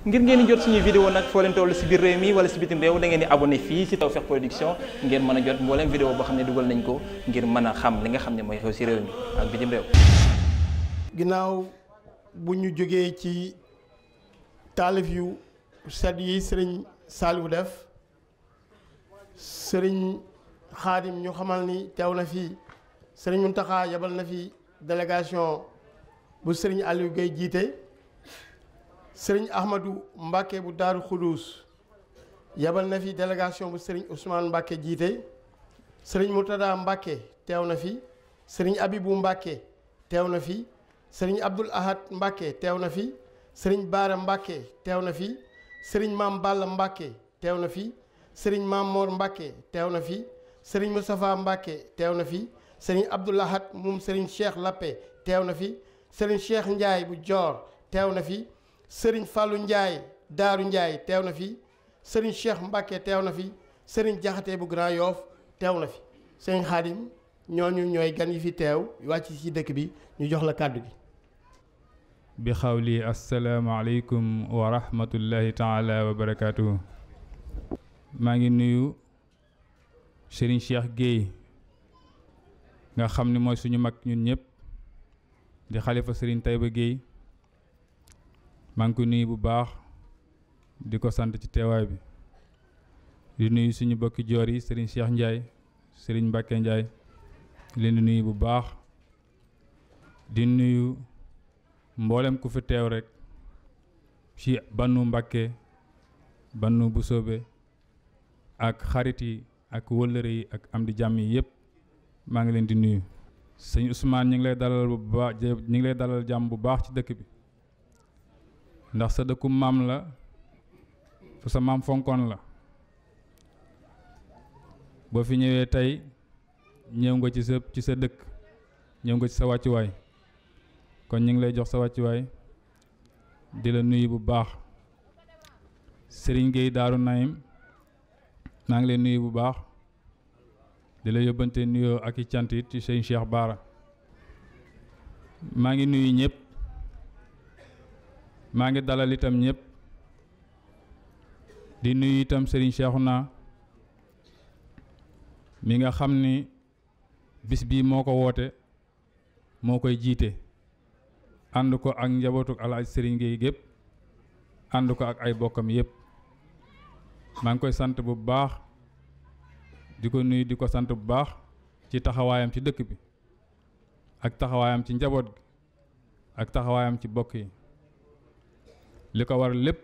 ngir ngeen di jot suñuy vidéo nag foo leen toll si biir réew mi wala si bitim réew da ngeen di abonné fii si Tawfekh Production ngeen mën a jot mbooleem vidéo boo xam ne dugal nañ ko ngir mën a xam li nga xam ne mooy xew si réew mi ak bitim réew ginnaaw bu ñu jógee ci taalif yu set yi sëriñ Saliou def sëriñ xaadim ñu xamal ni teew na fii sëriñ Mountakha yabal na fi délégation bu sëriñ Aliou Gueye jiite sëriñ Ahmadou Mbacke bu Daaru Xuduus yebal na fi délégation bu sëriñ Ousmane Mbacke jiite sëriñ Murtada Mbacke teew na fi sëriñ Abibou Mbacke teew na fi sëriñ Abdoul Ahad Mbacke teew na fi sëriñ Baara Mbacke teew na fi sëriñ Maam Balla Mbacke teew na fi sëriñ Maam Mor Mbacke teew na fi sëriñ Moustapha Mbacke teew na fi sëriñ Abdoul Ahad moom sëriñ Cheikh Lappe teew na fi sëriñ Cheikh Ndiaye bu Joor teew na fi. sëriñ Fallou Ndiaye Daaru njaay teew na fi sëriñ Cheikh Mbacke teew na fi sëriñ Jaxate bu Grand Yoff teew na fi sëriñ Xaadim ñooñu ñoy gan yi fi teew wàcc ci dëkk bi ñu jox la kàddu gi bi xawli asalaamaaleykum wa rahmatullahi taala wa barakaatu. maa ngi nuyu sëriñ Cheikh Guèye nga xam ni mooy suñu mag ñun ñëpp di xalifa sëriñ Taïba Guèye maa nuyu bu baax di ko sant ci teewaay bi di nuyu suñu bokki joor yi sëriñ Cheikh Ndiaye sëriñ Mbacke njaay leen di nuyu bu baax di nuyu mboolem ku fi teew rekk ci bannu Mbacke bannu bu soobe ak xarit yi ak wëllëre yi ak am di jàmm yi yëpp maa ngi leen di nuyu sëñ Ousmane ñu ngi lay dalal bu baax ñu ngi lay dalal jàmm bu baax ci dëkk bi ndax sa dëkku maam la fu sa maam fonkon la boo fi ñëwee tey ñëw nga ci sa ci sa dëkk ñëw nga ci sa wàccuwaay kon ñu ngi lay jox sa wàccuwaay di la nuyu bu baax sëriñ Gueye Daaru Naim maa ngi lay nuyu bu baax di la yóbbante nuyoo ak i cant it ci Serigne Cheikh Baara maa ngi nuyu ñëpp. maa ngi dalal itam ñëpp di nuyu itam Serigne naa mi nga xam ni bis bii moo ko woote moo koy jiite ànd ko ak njabootu alaaj Serigne Gueye gépp ànd ko ak ay bokkam yëpp maa ngi koy sant bu baax di ko nuyu di ko sant bu baax ci taxawaayam ci dëkk bi ak taxawaayam ci njaboot gi ak taxawaayam ci bokk yi li ko war lépp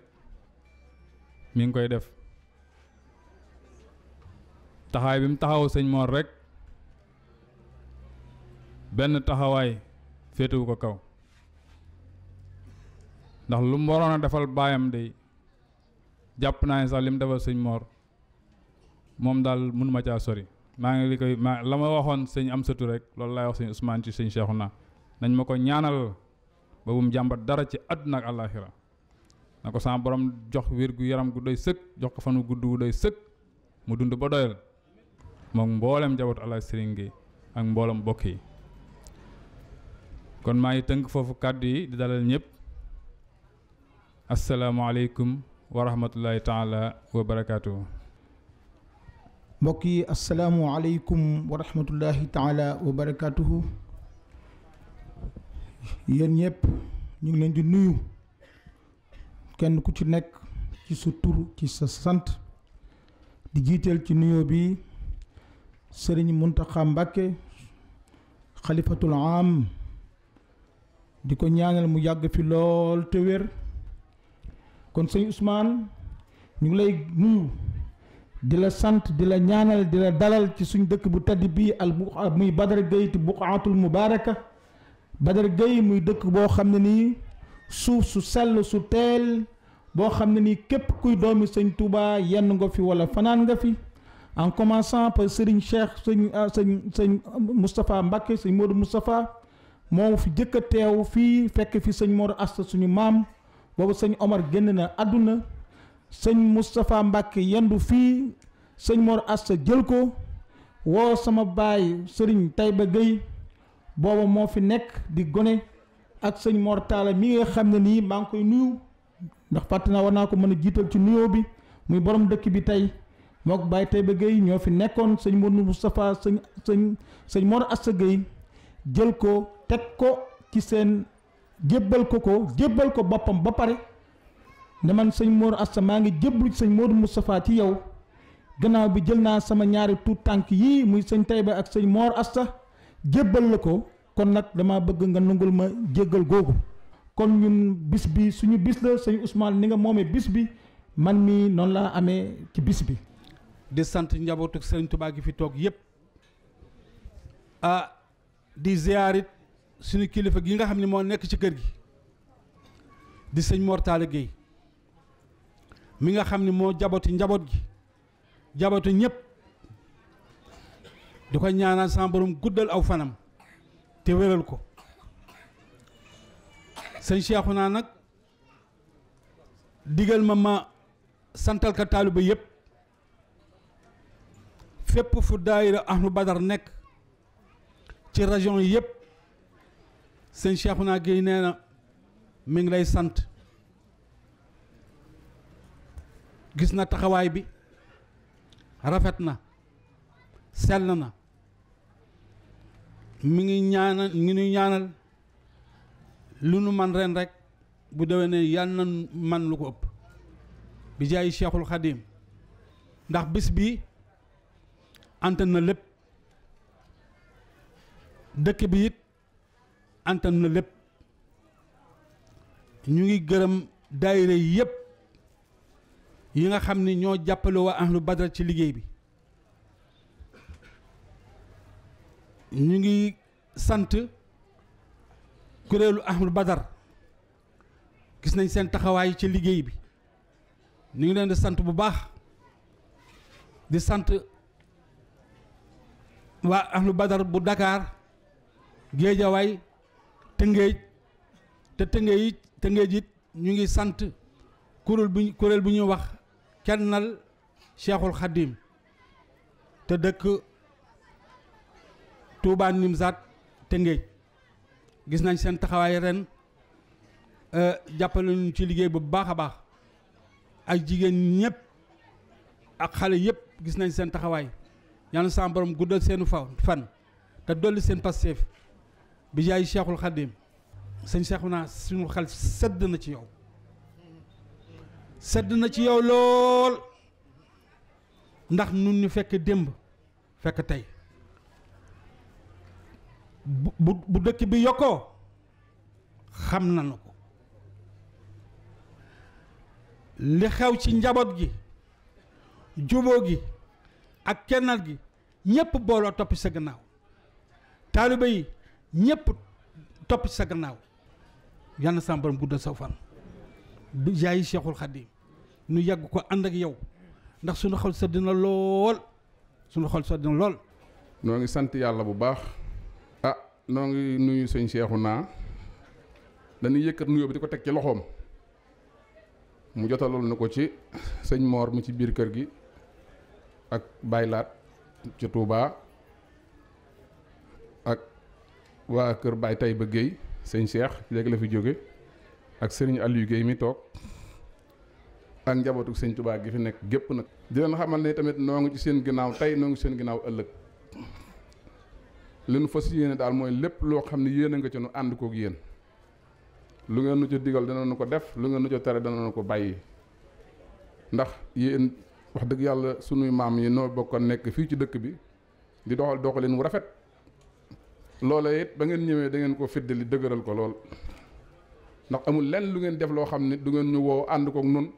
mi ngi koy def taxawaay bi mu taxaw sëñ Mor rek benn taxawaay féetewu ko kaw ndax lu mu waroon a defal baayam de jàpp naa ne sax li mu defal sëñ moor moom daal mun ma caa sori maa ngi li koy maa la ma waxoon sëñ Amsatu rek loolu laay wax sëñ Ousmane ci sëñ Cheikhouna nañ ma ko ñaanal ba bu mu jàmbat dara ci àdduna ak àllaaxira na ko sama borom jox wér gu yaram gu doy sëkk jox ko fanu gudd gu doy sëkk mu dund ba doyal moom mboolem njabootu alaaj sëriñ gi ak mboolam mbokk yi kon maa ngi tënk foofu kàddu yi di dalal ñëpp asalaamaaleykum wa rahmatullahi taala wa barakaatu. mbokk yi asalaamualeykum wa rahmatullahi taala wa ñu ngi leen di nuyu kenn ku ci nekk ci sa tur ci sa sant di jiiteel ci nuyoo bi sëriñ Muntaxa Mbàkke xalifatul am di ko ñaanal mu yàgg fi lool te kon sëñ Ousmane ñu ngi lay nuyu di la sant di la ñaanal di la dalal ci suñ dëkk bu tedd bii al muy Badar Gueye ti buqaatul mubaaraka Badar muy dëkk boo xam ne nii suuf su sell su teel boo xam ne ni képp kuy doomi sëñ Touba yenn nga fi wala fanaan nga fi en commençant par sëriñ Cheikh sëñ ah, sëñ sëñ Moustapha Mbacke sëñ Modou moo fi jëkk a teew fii fekk fi sëñ Mor Asta suñu maam boobu sëñ Omar génn na àdduna sëñ Moustapha Mbacke yendu fii sëñ Mor Asta jël ko woo sama baay sëriñ Taïba Gueye booba moo fi nekk di gone ak sëñ moor Talla mi nga xam na nii maa ngi koy nuyu ndax fàtte naa war naa ko mën a jiital ci nuyoo bi muy boroom dëkk bi tey moo ko bàyyi tey ba Guèye ñoo fi nekkoon sëñ Modou Moustapha sëñ sëñ sëñ Mor Assa jël ko teg ko ci seen jébbal ko ko jébbal ko boppam ba pare ne man sëñ Mor Assa maa ngi jébbalu sëñ Modou Moustapha ci yow gannaaw bi jël naa sama ñaari tuut tànk yii muy sëñ Taïba ak sëñ moor Assa jébbal la ko. kon nag dama bëgg nga nangul ma jéggal googu kon ñun bis bi suñu bis la sëñ usmaan ni nga moome bis bi man mii noonu laa amee ci bis bi di sant njabootu sëriñ Tuubaa gi fi toog yëpp ah di ziyaarit suñu kilifa gi nga xam ni moo nekk ci kër gi di sëñ Mortale Gueye mi nga xam ni moo jaboti njaboot gi jaboti ñëpp di ko ñaanal sama borom guddal aw fanam te wéral ko sëñ naa nag digal ma ma santal ka taaliba yëpp fépp fu daayira ahlu badar nekk ci région yi yëpp sëñ naa Guèye nee na mi ngi lay sant gis na taxawaay bi rafet na sell na mi ngi ñaanal mi ngi ñaanal lu nu man ren rek bu dewee ne yàlla na man lu ko ëpp bi jaay Cheikhul Khadim ndax bis bi antan na lépp dëkk bi it antan na lépp ñu ngi gërëm daayira yëpp yi nga xam ni ñoo jàppale am ahlu badal ci liggéey bi ñu ngi sant kuréelu Ahmad Badar gis nañ seen taxawaay ci liggéey bi ñu ngi leen di sant bu baax di sant waa Ahmad Badar bu dakaar Géejawaay Tëngéej te Tëngéej it ñu ngi sant kuréel bu kuréel bu ñuy wax kennal Cheikhul Khadim te dëkk Touba te Tëngéej gis nañ seen taxawaay ren euh, jàppale ñu ci liggéey bu baax a baax ak jigéen ñëpp ak xale yëpp gis nañ seen taxawaay yàlla sa borom guddal seenu fa fan te dolli seen passeef bi jaay Cheikhul Khadim sëñ Cheikhu naa suñu xel sedd na ci yow sedd na ci yow lool ndax nu ñu fekk démb fekk tey bu bu dëkk bi yokkoo xam nañu ko li xew ci njaboot gi juboo gi ak kennal gi ñépp booloo topp sa gannaaw taaliba yi ñépp topp sa gannaaw yal na sama borom guddal saw fan du jaayi Cheikhul Khadim nu yàgg ko ànd ak yow ndax suñu xol sedd na lool suñu xol sedd na lool noo ngi sant yàlla bu baax noo ngi nuyu sëñ naa dañuy yëkkat nuyoo bi di ko teg ci loxoom mu jotaloon na ko ci sëñ moor mi ci biir kër gi ak baylaat ci Touba ak waa kër Baye Taïba Guèye sëñ Cheikh léegi la fi jóge ak sëriñ Aliou Guèye mi toog ak njabootu sëñ Touba gi fi nekk gépp nag di leen xamal ne tamit noo ngi ci seen ginnaaw tey noo ngi seen ginnaaw ëllëg li nu fas yéene daal mooy lépp loo xam ne yéene nga ci nu ànd kook yéen lu ngeen nu ca digal dana nu ko def lu ngeen nu ca tere dana nu ko bàyyi ndax yéen wax dëgg yàlla sunuy maam yi noo bokkoon nekk fii ci dëkk bi di doxal doxalin wu rafet loole it ba ngeen ñëwee da ngeen ko li dëgëral ko lool ndax amul lenn lu ngeen def loo xam ne du ngeen ñu woo ànd kook nun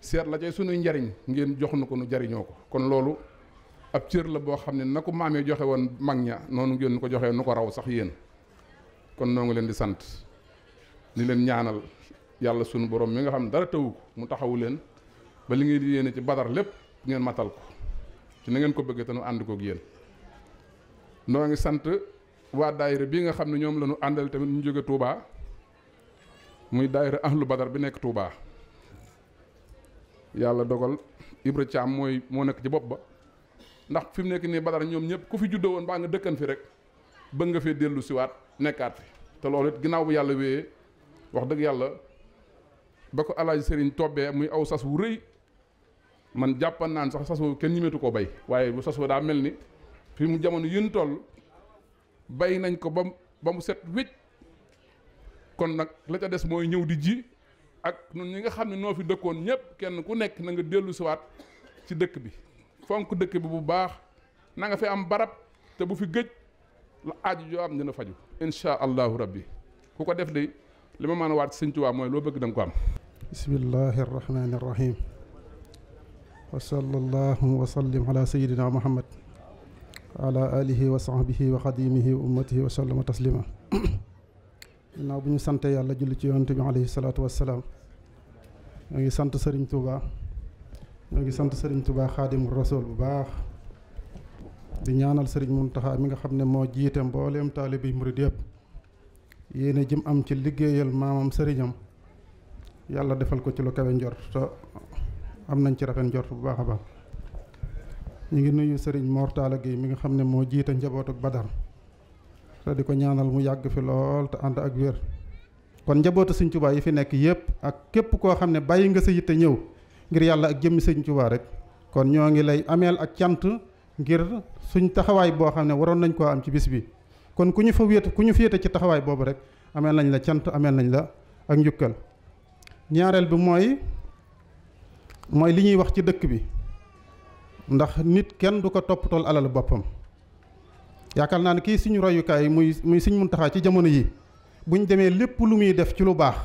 seet la cay sunuy njariñ ngeen jox nu ko nu jariñoo ko kon loolu ab cër la boo xam ne na ko maam joxe woon mag ña noonu ngeen nu ko joxee nu ko raw sax yéen kon noo ngi leen di sant ni leen ñaanal yàlla sunu borom mi nga xam dara tawu ko mu taxawu leen ba li ngeen di yéene ci badar lépp ngeen matal ko ci na ngeen ko bëggee te nu ànd yéen. noo ngi sant waa daayira bii nga xam ne ñoom la ñu àndal tamit ñu jóge Touba muy daayira ahlu badar bi nekk Touba yàlla dogal Ibra Thiam mooy moo nekk ci bopp ba. ndax fi mu nekk nii Badar ñoom ñëpp ku fi juddoo woon baa nga dëkkan fi rek bëgg nga fee dellu siwaat nekkaat fi te loolu it ginnaaw bu yàlla wéyee wax dëgg yàlla ba ko alaaj sëriñ tobbee muy aw sas wu rëy man jàppan naan sax sas woo kenn ñimetu ko bay waaye bu sas woo daa mel ni fi mu jamono yën toll bay nañ ko ba ba mu set wécc kon nag la ca des mooy ñëw di ji ak ñun ñi nga xam ne noo fi dëkkoon ñëpp kenn ku nekk na nga dellu siwaat ci dëkk bi fonk dëkk bi bu baax nanga fi am barab te bu fi gëj la aaju joo am dina faju incha allahu rabbi ku ko def de li ma mën a waat ci Sëñ Tuubaa mooy loo bëgg da ko am bismillahi arrahmani arrahim wa sallallahu wa sallim ala sayidina muhammad wa ala alihi wa bu ñu sante yàlla julli ci yonent bi alayhi salaatu ngi sant Sëriñ ñoo ngi sant sëriñ Tuubaa xaadim rasool bu baax di ñaanal sëriñ Muntaxa mi nga xam ne moo jiite mbooleem taalibi murid yëpp yéene jim am ci liggéeyal maamam sëriñam yàlla defal ko ci lu kawe njort te am nañ ci rafet njort bu baax a baax ñu ngi nuyu sëriñ Mortala Gueye mi nga xam ne moo jiite njabootu Badar te di ko ñaanal mu yàgg fi lool te ànd ak wér kon njabootu sëriñ Tuubaa yi fi nekk yëpp ak képp koo xam ne bàyyi nga sa yitte ñëw ngir yàlla ak jëmm sëñ Tuubaa rek kon ñoo ngi lay ameel ak cant ngir suñ taxawaay boo xam ne waroon nañ koo am ci bis bi kon ku ñu fa wéet ku ñu féete ci taxawaay boobu rek ameel nañ la cant ameel nañ la ak njukkal ñaareel bi mooy mooy li ñuy wax ci dëkk bi ndax nit kenn du ko toppatool alal boppam yaakaar naa ne kii suñu royukaay muy muy suñ Muntaxa ci jamono yi buñ demee lépp lu muy def ci lu baax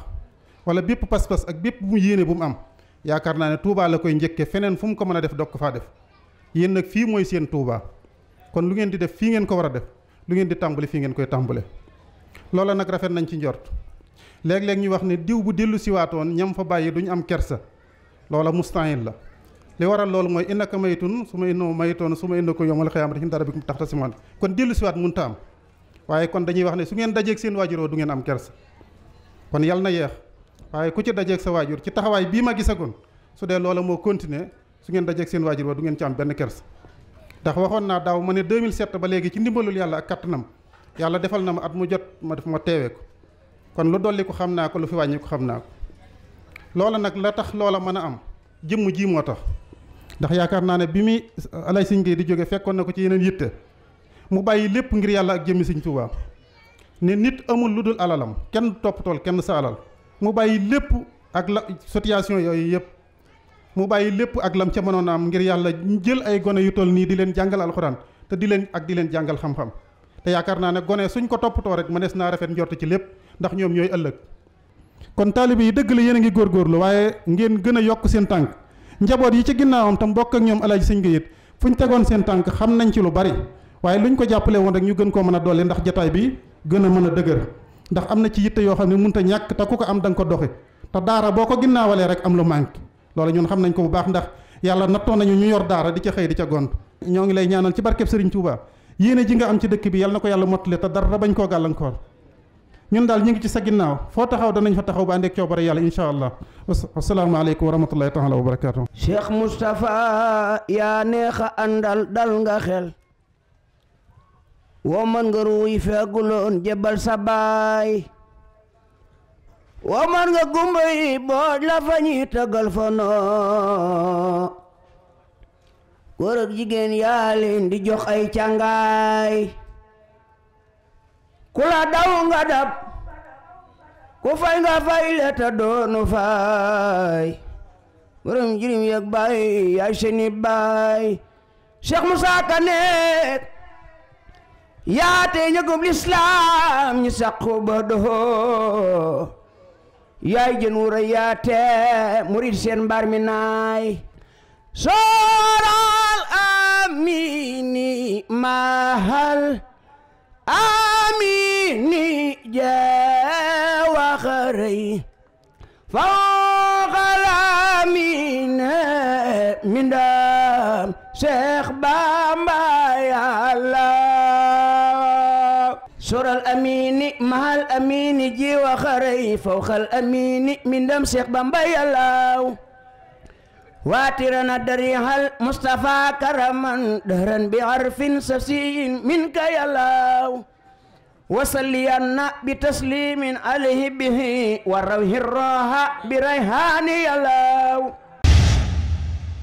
wala bépp pas-pas ak bépp bu mu yéene bu mu am yaakaar naa ne Touba la koy njëkke feneen fu mu ko mën a def dog ko faa def yéen nag fii mooy seen Touba kon lu ngeen di def fii ngeen ko war a def lu ngeen di tàmbali fii ngeen koy tàmbale loola nag rafet nañ ci njort léeg-léeg ñu wax ne diw bu dellu siwaatoon ñam fa bàyyi duñu am kersa loola mustahin la li waral lool mooy innaka maytun su ma innoo maytoon su ma inna ko yomal xiyaamati him dara bi mu tax ta siman kon dellu siwaat mun am waaye kon dañuy wax ne su ngeen dajeeg seen waajuroo du ngeen am kersa kon yal na yeex waaye ku ci dajeeg sa waajur ci taxawaay bii ma gisagoon su dee loola moo continuer su ngeen dajeeg seen waajur wa du ngeen ci am benn kers ndax waxoon naa daaw ma ne 2007 ba léegi ci ndimbalul yàlla ak kattanam yàlla defal na ma at mu jot ma def ma teewee ko kon lu dolli ko xam naa ko lu fi wàññi ko xam naa ko loola nag la tax loola mën a am jëmm ji moo tax ndax yaakaar naa ne bi muy alay siñ gi di jóge fekkoon na ko ci yeneen yitte mu bàyyi lépp ngir yàlla ak jëmmi Sëñ Tuubaa ne nit amul lu dul alalam kenn toppatool kenn sa mu bàyyi lépp ak la situation yooyu yëpp mu bàyyi lépp ak lam ca mënoon am ngir yàlla ñu jël ay gone yu toll nii di leen jàngal alxuraan te di leen ak di leen jàngal xam-xam te yaakaar naa ne gone suñ ko toppatoo rek mënees naa rafet njort ci lépp ndax ñoom ñooy ëllëg kon taalibe yi dëgg la yéen a ngi góorgóorlu waaye ngeen gën a yokk seen tànk njaboot yi ci ginnaawam tam mbokk ak ñoom alaaji sëñ ga yit fu ñu tegoon seen tànk xam nañ ci lu bari waaye luñ ko jàppale woon ñu gën koo mën a doole ndax jataay bi gën a mën a dëgër ndax am na ci yitte yoo xam ne mënut a ñàkk te ku ko am da ko doxe te daara boo ko ginnaawalee rek am lu manqué loolu ñun xam nañ ko bu baax ndax yàlla nattoo nañu ñu yor daara di ca xëy di ca gont ñoo ngi lay ñaanal ci barkeb Serigne Touba yéene ji nga am ci dëkk bi yàlla na ko yàlla mottali te dara bañ koo gàllankoor ñun daal ñu ngi ci sa ginnaaw foo taxaw danañ fa taxaw ba àndeek coobare yàlla incha allah asalaamaaleykum wa rahmatullahi taala wa barakaatu. Cheikh Moustapha yaa neex a àndal dal nga xel. wo man nga ruuy feeguloon jebal sabaay wo man nga gumba yi booj la fañi tagal fanoo góor ak jigéen yaa di jox ay càngaay ku la daw nga dab ku fay nga fay le doonu fay borom jirim yeg baay yaay seeni baay Cheikh Moussa Kane yaate ñëgub lislaam ñu saqu ba doxoo yaay jën wura yaate murid seen mbar mi naay sooral amini mahal amini jeewaxarëy faw سر الأمين مع الأمين جي وخري فوق الأمين من دم شيخ بمبي الله واترنا دريها المصطفى كرما دهرا بعرف سفسي منك يا الله وصلينا بتسليم عليه به وروه الراها بريحان يا الله